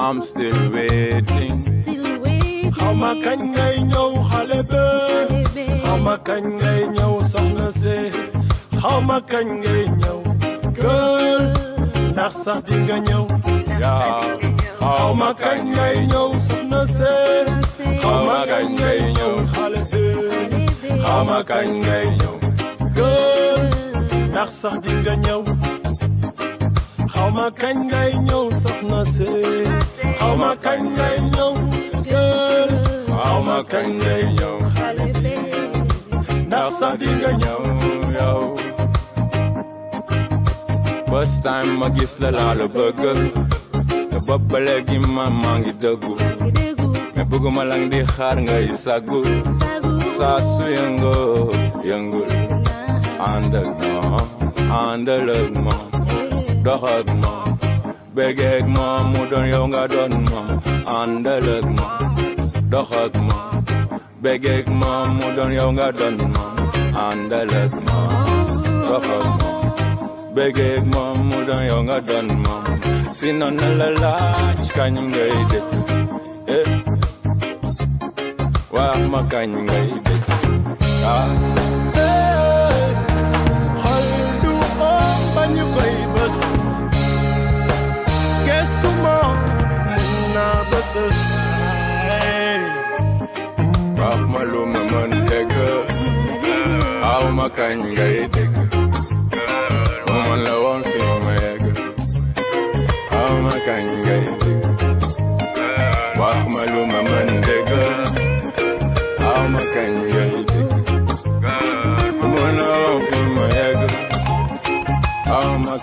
I'm still waiting. Still waiting. xawma kañ ngay ñëw xale be xawma kañ ngay ñëw say. How ma can ngay ñëw girl ndax sax di nga ñëw yaa xawma kañ ngay ñëw say. How ma can ngay ñëw Halebe. How ma can ngay ñëw girl ndax sax di nga ñëw how ma kañ ngay ñëw soxna si How ma kañ ngay ñëw seul how ma kañ ngay ñëw xale bi ndax di nga ñëw yow first time ma gis la laa la bëgg te bopp ba ma maa ngi dëggu mais bëgguma lang di xaar ngay saggu saa su yëngoo yëngul ànd ak te hug me. Beg egg me, moeder jongen dun me. Eindelijk me, te hug me. Beg egg me, moeder jongen dun hug egg Sin on Eh, waar me kan je me dit. Ah. Hey, hold you baby basas Qu'est-ce que mon na basas Rap malo maman I'm a teka Maman la wan fi mayaka Au makanga teka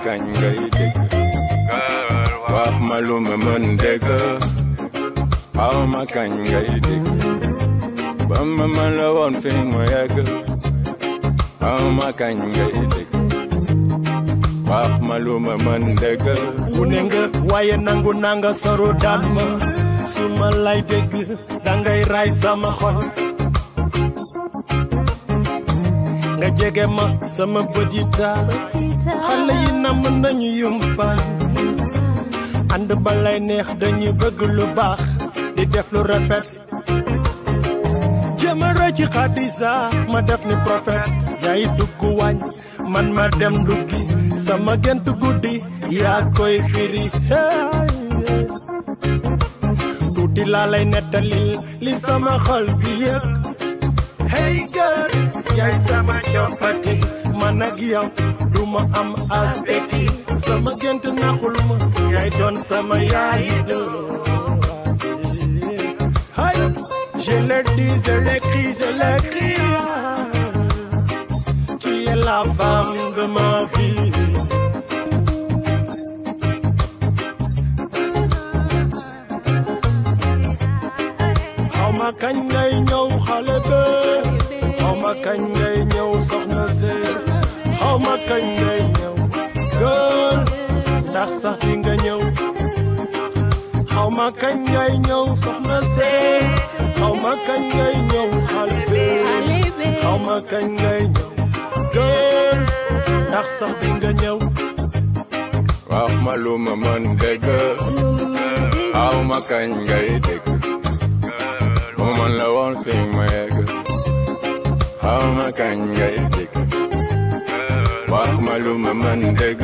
kañ ngay dégg wax ma lu ma mën dégg xaw ma kañ ngay dégg ba ma mën la woon fi mu yegg xaw ma kañ ngay dégg wax ma lu ma mën dégg ku ne nga waaye nangu nanga soru daan ma su ma lay dégg dangay raay sama xol nga jege ma sama petita yi taal xale yi namm nañu yumpaan ànd ba neex dañu bëgg lu baax di def lu rafet jëmara ci xadisa ma def ni prophète yaay dugg wàññ man ma dem duggi sama gentu guddi ya koy firi tuti laa lay nettalil li sama xol bi hey girl yaay sama coppati man ak am albeti sama gént naxul ma yaay doon sama yaay doo hay je le dis je le crie je le crie tu es la femme de ma vie xaw ma kañ lay ñëw xale xawma kañ ngay ñëw soxna How much can ngay ñëw Girl, ndax a bi nga ñëw xawma kañ ngay ñëw How much can kañ ngay ñëw xale bi xawma kañ ngay ñëw gël ndax sax bi nga ñëw wax ma lu ma mën dégg xawma kañ la woon fi ma yegg xaw ma kañ ngay dégg wax my lu ma mën dégg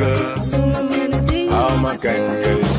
xaw ma kañ ngay